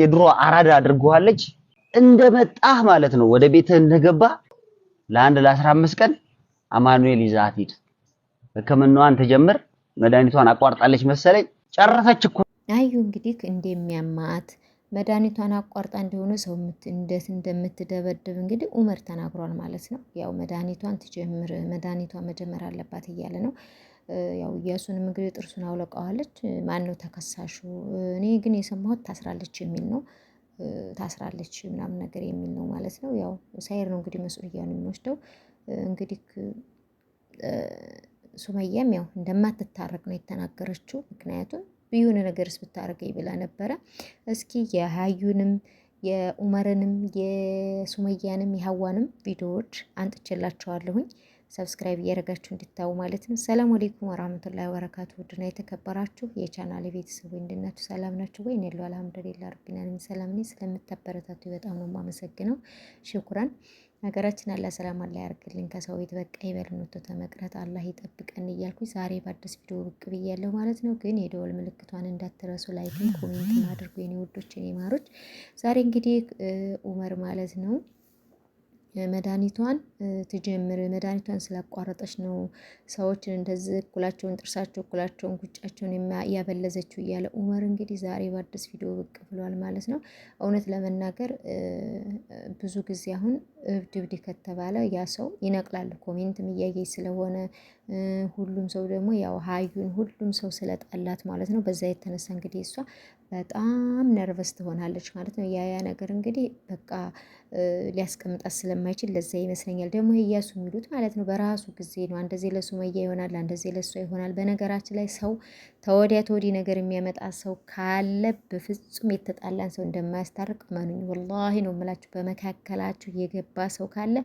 የድሮ አራዳ አድርጓለች። እንደመጣህ ማለት ነው ወደ ቤትህ እንደገባ ለአንድ ለአስራ አምስት ቀን አማኑኤል ይዛት ሂድ። ህክምናዋን ትጀምር። መድኃኒቷን አቋርጣለች መሰለኝ ጨረሰች እኮ አዩ እንግዲህ እንደሚያማት መድኃኒቷን አቋርጣ እንደሆነ ሰው እንዴት እንደምትደበድብ እንግዲህ ኡመር ተናግሯል ማለት ነው። ያው መድኃኒቷን ትጀምር፣ መድኃኒቷን መጀመር አለባት እያለ ነው። ያው እያሱን እንግዲህ ጥርሱን አውለቀዋለች። ማን ነው ተከሳሹ? እኔ ግን የሰማሁት ታስራለች የሚል ነው። ታስራለች ምናምን ነገር የሚል ነው ማለት ነው። ያው ሳይር ነው እንግዲህ ነው የሚወስደው እንግዲህ ሱመያም ያው እንደማትታረቅ ነው የተናገረችው። ምክንያቱም የሆነ ነገርስ ብታረገኝ ብላ ነበረ። እስኪ የሀዩንም የኡመርንም የሱመያንም የሀዋንም ቪዲዮዎች አንጥቼላቸዋለሁኝ። ሰብስክራይብ እያደረጋችሁ እንድታዩ ማለት ነው። ሰላም አለይኩም ወራህመቱላሂ ወበረካቱ። ውድና የተከበራችሁ የቻናል ቤተሰብ እንድናችሁ ሰላም ናችሁ ወይ? እኔ ያለው አልሐምዱሊላህ ረቢና ነኝ ሰላም ነኝ። ስለምታበረታቱ በጣም ነው የማመሰግነው። ሽኩራን ሀገራችን አላህ ሰላም አላህ ያርግልን። ከሰው ቤት በቃ ይበልን ወጥቶ ተመቅረት አላህ ይጠብቀን እያልኩኝ ዛሬ በአዲስ ቪዲዮ ብቅ ብያለሁ ማለት ነው። ግን የደወል ምልክቷን እንዳትረሱ፣ ላይክን ኮሜንት አድርጉ የኔ ውዶች፣ የኔ ማሮች። ዛሬ እንግዲህ ኡመር ማለት ነው መድኃኒቷን ትጀምር መድኃኒቷን ስላቋረጠች ነው ሰዎችን እንደዚህ እኩላቸውን ጥርሳቸው እኩላቸውን ጉጫቸውን ያበለዘችው እያለ ኡመር እንግዲህ ዛሬ በአዲስ ቪዲዮ ብቅ ብሏል ማለት ነው። እውነት ለመናገር ብዙ ጊዜ አሁን እብድ እብድ ከተባለ ያ ሰው ይነቅላል። ኮሜንትም እያየች ስለሆነ ሁሉም ሰው ደግሞ ያው ሀዩን ሁሉም ሰው ስለጣላት ማለት ነው። በዛ የተነሳ እንግዲህ እሷ በጣም ነርቨስ ትሆናለች ማለት ነው። ያያ ነገር እንግዲህ በቃ ሊያስቀምጣት ስለማይችል ለዛ ይመስለኛል። ደግሞ እያሱ የሚሉት ማለት ነው በራሱ ጊዜ ነው። አንደዚህ ለሱመያ ይሆናል፣ አንደዚህ ለሷ ይሆናል። በነገራችን ላይ ሰው ተወዲያ ተወዲ ነገር የሚያመጣ ሰው ካለ በፍጹም የተጣላን ሰው እንደማያስታርቅ መኑኝ። ወላሂ ነው የምላችሁ። በመካከላችሁ የገባ ሰው ካለ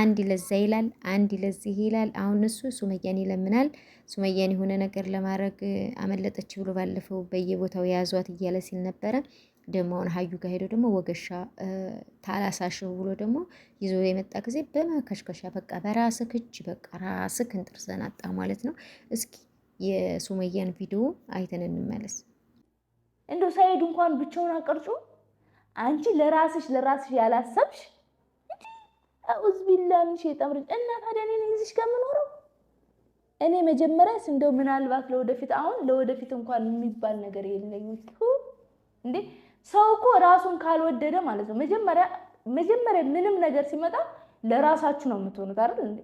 አንድ ለዛ ይላል፣ አንድ ለዚህ ይላል። አሁን እሱ ሱመያን ይለምናል ሱመያን የሆነ ነገር ለማድረግ አመለጠች ብሎ ባለፈው በየቦታው የያዟት እያለ ሲል ነበረ። ደግሞ አሁን ሀዩ ጋር ሄዶ ደግሞ ወገሻ ታላሳሽው ብሎ ደግሞ ይዞ የመጣ ጊዜ በመከሽከሻ በቃ በራስህ እጅ በቃ ራስህ እንጥርዘን አጣ ማለት ነው። እስኪ የሱመያን ቪዲዮ አይተን እንመለስ። እንደው ሳይሄዱ እንኳን ብቻውን አቀርጩ አንቺ ለራስሽ ለራስሽ ያላሰብሽ እዚ ቢላ ምን ሸይጣን እና ታዲያ እኔ እዚህ ጋር እኔ መጀመሪያስ እንደው ምናልባት ለወደፊት አሁን ለወደፊት እንኳን የሚባል ነገር የለኝም። እንዴ ሰው እኮ ራሱን ካልወደደ ማለት ነው መጀመሪያ መጀመሪያ ምንም ነገር ሲመጣ ለራሳችሁ ነው የምትሆኑት አይደል እንዴ?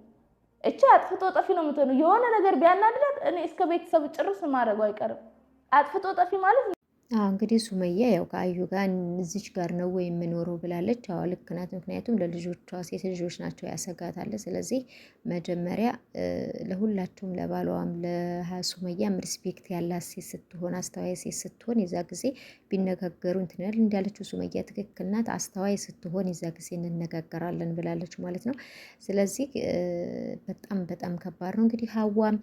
እቺ አጥፍቶ ጠፊ ነው የምትሆኑ። የሆነ ነገር ቢያናድዳት እኔ እስከ ቤተሰብ ጭርስ ማድረጉ አይቀርም። አጥፍቶ ጠፊ ማለት እንግዲህ ሱመያ ያው ከአዩ ጋር እዚች ጋር ነው ወይ የምኖረው ብላለች። አዎ ልክ ናት። ምክንያቱም ለልጆቿ ሴት ልጆች ናቸው ያሰጋታል። ስለዚህ መጀመሪያ ለሁላቸውም ለባሏም ለሱመያም ሪስፔክት ያላት ሴት ስትሆን አስተዋይ ሴት ስትሆን የዛ ጊዜ ቢነጋገሩ እንትንል እንዳለችው ሱመያ ትክክል ናት። አስተዋይ ስትሆን የዛ ጊዜ እንነጋገራለን ብላለች ማለት ነው። ስለዚህ በጣም በጣም ከባድ ነው። እንግዲህ ሀዋም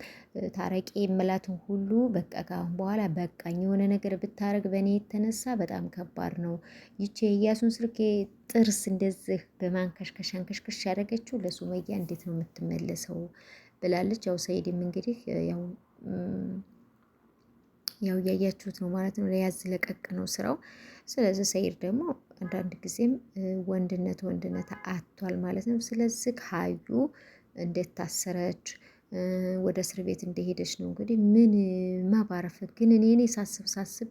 ታረቂ የምላትን ሁሉ በቃ ከአሁን በኋላ በቃኝ የሆነ ነገር ብታረ ማድረግ በእኔ የተነሳ በጣም ከባድ ነው። ይቺ የኢያሱን ስልኬ ጥርስ እንደዚህ በማንከሽከሽ አንከሽከሽ ያደረገችው ለሱመያ እንዴት ነው የምትመለሰው ብላለች። ያው ሰይድም እንግዲህ ያው ያው እያያችሁት ነው ማለት ነው። ለያዝ ለቀቅ ነው ስራው። ስለዚህ ሰይድ ደግሞ አንዳንድ ጊዜም ወንድነት ወንድነት አቷል ማለት ነው። ስለዚህ ሀዩ እንዴት ታሰረች ወደ እስር ቤት እንደሄደች ነው እንግዲህ ምን ማባረፍ ግን እኔ እኔ ሳስብ ሳስብ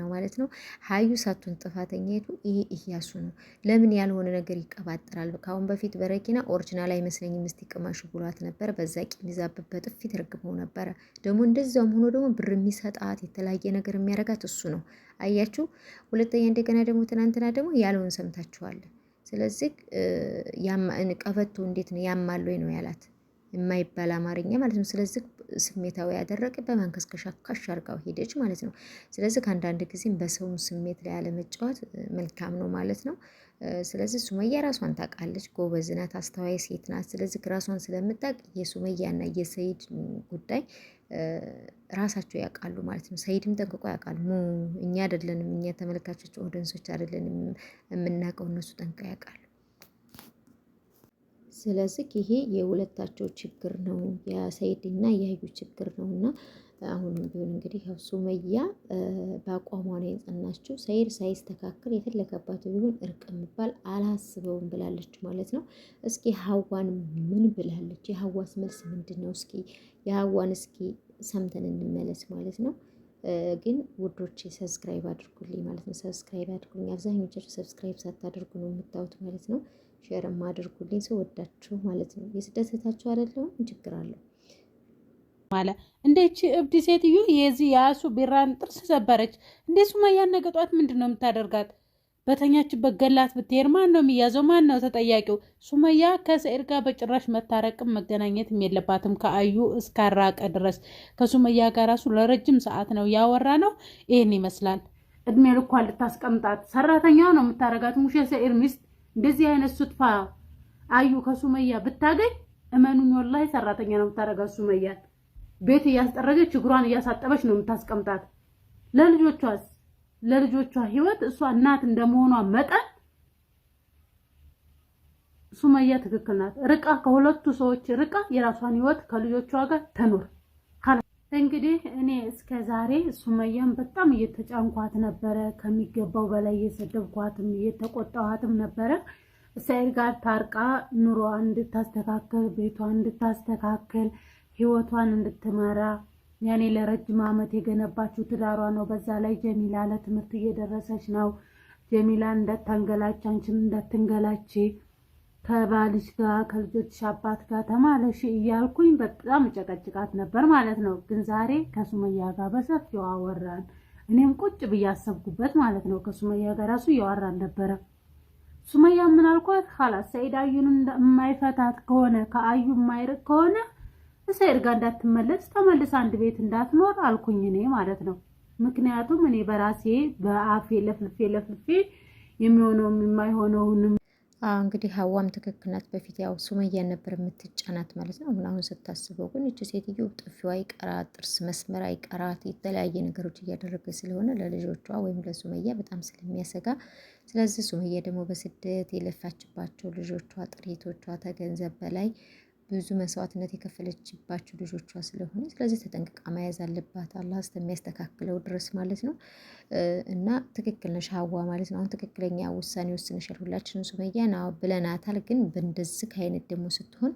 ነው ማለት ነው ሀዩ ሳቱን ጥፋተኛይቱ ይሄ እያሱ ነው። ለምን ያልሆነ ነገር ይቀባጠራል? ከአሁን በፊት በረኪና ኦሪጂናል አይመስለኝም እስቲ ቅማሽ ብሏት ነበረ። በዛ ቂም ይዛብት በጥፊ ተረግመው ነበረ። ደግሞ እንደዛም ሆኖ ደግሞ ብር የሚሰጣት የተለያየ ነገር የሚያደርጋት እሱ ነው። አያችሁ። ሁለተኛ እንደገና ደግሞ ትናንትና ደግሞ ያለውን ሰምታችኋለን። ስለዚህ ቀበቶ እንዴት ነው ያማሉ ነው ያላት የማይባል አማርኛ ማለት ነው። ስለዚህ ስሜታዊ ያደረገ በማንከስከሻ ካሽ አርጋው ሄደች ማለት ነው። ስለዚህ ከአንዳንድ ጊዜም በሰውን ስሜት ላይ አለመጫወት መልካም ነው ማለት ነው። ስለዚህ ሱመያ ራሷን ታውቃለች፣ ጎበዝ ናት፣ አስተዋይ ሴት ናት። ስለዚህ ራሷን ስለምታውቅ የሱመያና የሰይድ ጉዳይ ራሳቸው ያውቃሉ ማለት ነው። ሰይድም ጠንቅቆ ያውቃል። እኛ አይደለንም እኛ ተመልካቾች ኦደንሶች አይደለንም የምናውቀው እነሱ ጠንቅቀው ያውቃሉ። ስለዚህ ይሄ የሁለታቸው ችግር ነው፣ የሰይድና የአዩ ችግር ነው እና አሁንም ቢሆን እንግዲህ ያው ሱመያ በአቋሟ ነው የጸናችው። ሰይድ ሳይስተካከል የፈለገባት ቢሆን እርቅ የሚባል አላስበውም ብላለች ማለት ነው። እስኪ ሀዋን ምን ብላለች? የሀዋስ መልስ ምንድን ነው? እስኪ የሀዋን እስኪ ሰምተን እንመለስ ማለት ነው። ግን ውዶች ሰብስክራይብ አድርጉልኝ ማለት ነው። ሰብስክራይብ አድርጉልኝ። አብዛኞቻችሁ ሰብስክራይብ ሳታደርጉ ነው የምታዩት ማለት ነው። ሼርም አድርጉልኝ ወዳችሁ ማለት ነው። የስደተታችሁ አይደለሁም ችግር አለው ማለ እንደቺ እብድ ሴትዮ የዚህ የአሱ ቢራን ጥርስ ሰበረች። እንዴ ሱማያን ነገ ጧት ምንድን ነው የምታደርጋት? በተኛችበት ገላት ብትሄድ ማን ነው የሚያዘው? ማን ነው ተጠያቂው? ሱመያ ከሰኢድ ጋር በጭራሽ መታረቅም መገናኘትም የለባትም ከአዩ እስካራቀ ድረስ። ከሱመያ ጋር ራሱ ለረጅም ሰዓት ነው ያወራ ነው። ይህን ይመስላል። እድሜ ልኳ ልታስቀምጣት ሰራተኛ ነው የምታረጋት ሙሼ ሰኢድ ሚስት እንደዚህ አይነት ሱትፋ አዩ ከሱመያ ብታገኝ እመኑኝ ወላሂ ሰራተኛ ነው የምታደርጋት። ሱመያ ቤት እያስጠረገች እግሯን እያሳጠበች ነው የምታስቀምጣት። ለልጆቿስ ለልጆቿ ህይወት እሷ እናት እንደመሆኗ መጠን ሱመያ ትክክል ናት። ርቃ ከሁለቱ ሰዎች ርቃ የራሷን ህይወት ከልጆቿ ጋር ተኖር። እንግዲህ እኔ እስከ ዛሬ ሱመያን በጣም እየተጫንኳት ነበረ። ከሚገባው በላይ እየሰደብኳትም እየተቆጣኋትም ነበረ። እስራኤል ጋር ታርቃ ኑሯ እንድታስተካከል፣ ቤቷ እንድታስተካከል፣ ህይወቷን እንድትመራ ያኔ ለረጅም ዓመት የገነባችው ትዳሯ ነው። በዛ ላይ ጀሚላ ለትምህርት እየደረሰች ነው። ጀሚላ እንዳታንገላች፣ አንቺም እንዳትንገላች ከባልሽ ጋር ከልጆች አባት ጋር ተማለሽ እያልኩኝ በጣም እጨቀጭቃት ነበር ማለት ነው። ግን ዛሬ ከሱመያ ጋር በሰፊው አወራን። እኔም ቁጭ ብዬ አሰብኩበት ማለት ነው። ከሱመያ ጋር ራሱ እያወራን ነበረ። ሱመያ ምን አልኳት? ኋላ ሰኢድ አዩን የማይፈታት ከሆነ ከአዩ የማይርቅ ከሆነ ሰኢድ ጋር እንዳትመለስ ተመልስ አንድ ቤት እንዳትኖር አልኩኝ እኔ ማለት ነው። ምክንያቱም እኔ በራሴ በአፌ ለፍልፌ ለፍልፌ የሚሆነው የማይሆነውንም እንግዲህ ሀዋም ትክክል ናት። በፊት ያው ሱመያ ነበር የምትጫናት ማለት ነው። አሁን አሁን ስታስበው ግን እች ሴትዮ ጥፊዋ ይቀራት፣ ጥርስ መስመር አይቀራት፣ የተለያየ ነገሮች እያደረገ ስለሆነ ለልጆቿ ወይም ለሱመያ በጣም ስለሚያሰጋ፣ ስለዚህ ሱመያ ደግሞ በስደት የለፋችባቸው ልጆቿ ጥሪቶቿ ተገንዘብ በላይ ብዙ መስዋዕትነት የከፈለችባቸው ልጆቿ ስለሆነ ስለዚህ ተጠንቅቃ መያዝ አለባት፣ አላህ እስከሚያስተካክለው ድረስ ማለት ነው። እና ትክክል ነሽ ሀዋ ማለት ነው። አሁን ትክክለኛ ውሳኔ ወስነሻል። ሁላችንም ሱመያ ብለናታል። ግን በእንደዚህ አይነት ደግሞ ስትሆን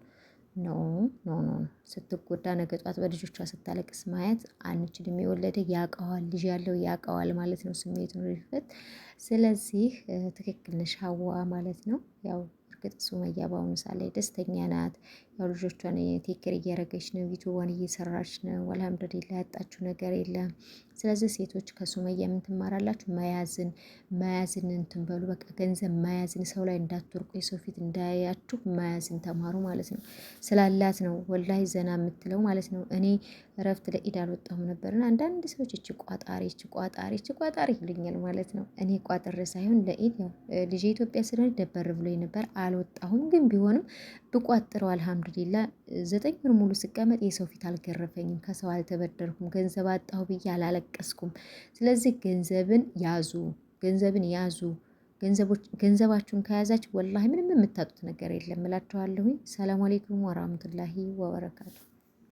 ነው ኖ ነው ስትጎዳ፣ ነገ ጧት በልጆቿ ስታለቅስ ማየት አንችልም። የወለደ ያቀዋል፣ ልጅ ያለው ያቀዋል ማለት ነው ስሜቱን ሪፈት። ስለዚህ ትክክል ነሽ ሀዋ ማለት ነው ያው በእርግጥ ሱመያ በአሁኑ ሰዓት ላይ ደስተኛ ናት። ያው ልጆቿን ቴክር እያደረገች ነው፣ ዩቱቧን እየሰራች ነው። አልሐምዱሊላ ያጣችው ነገር የለም። ስለዚህ ሴቶች ከሱመያ የምትማራላችሁ መያዝን መያዝን እንትን በሉ በቃ ገንዘብ መያዝን ሰው ላይ እንዳትወርቁ የሰው ፊት እንዳያችሁ መያዝን ተማሩ ማለት ነው። ስላላት ነው ወላሂ ዘና የምትለው ማለት ነው። እኔ እረፍት ለኢድ አልወጣሁም ነበርና አንዳንድ ሰዎች እች ቋጣሪ እች ቋጣሪ እች ቋጣሪ ይሉኛል ማለት ነው። እኔ ቋጥር ሳይሆን ለኢድ ያው ልጅ ኢትዮጵያ ስለሆነ ደበር ብሎ ነበር አልወጣሁም። ግን ቢሆንም ብቋጥረው አልሐምዱሊላ ዘጠኝ ወር ሙሉ ስቀመጥ የሰው ፊት አልገረፈኝም። ከሰው አልተበደርኩም። ገንዘብ አጣሁ ብዬ አላለ አልጠቀስኩም። ስለዚህ ገንዘብን ያዙ፣ ገንዘብን ያዙ። ገንዘባችሁን ከያዛችሁ ወላሂ ምንም የምታጡት ነገር የለም እላችኋለሁኝ። ሰላም አሌይኩም ወራህመቱላሂ ወበረካቱሁ።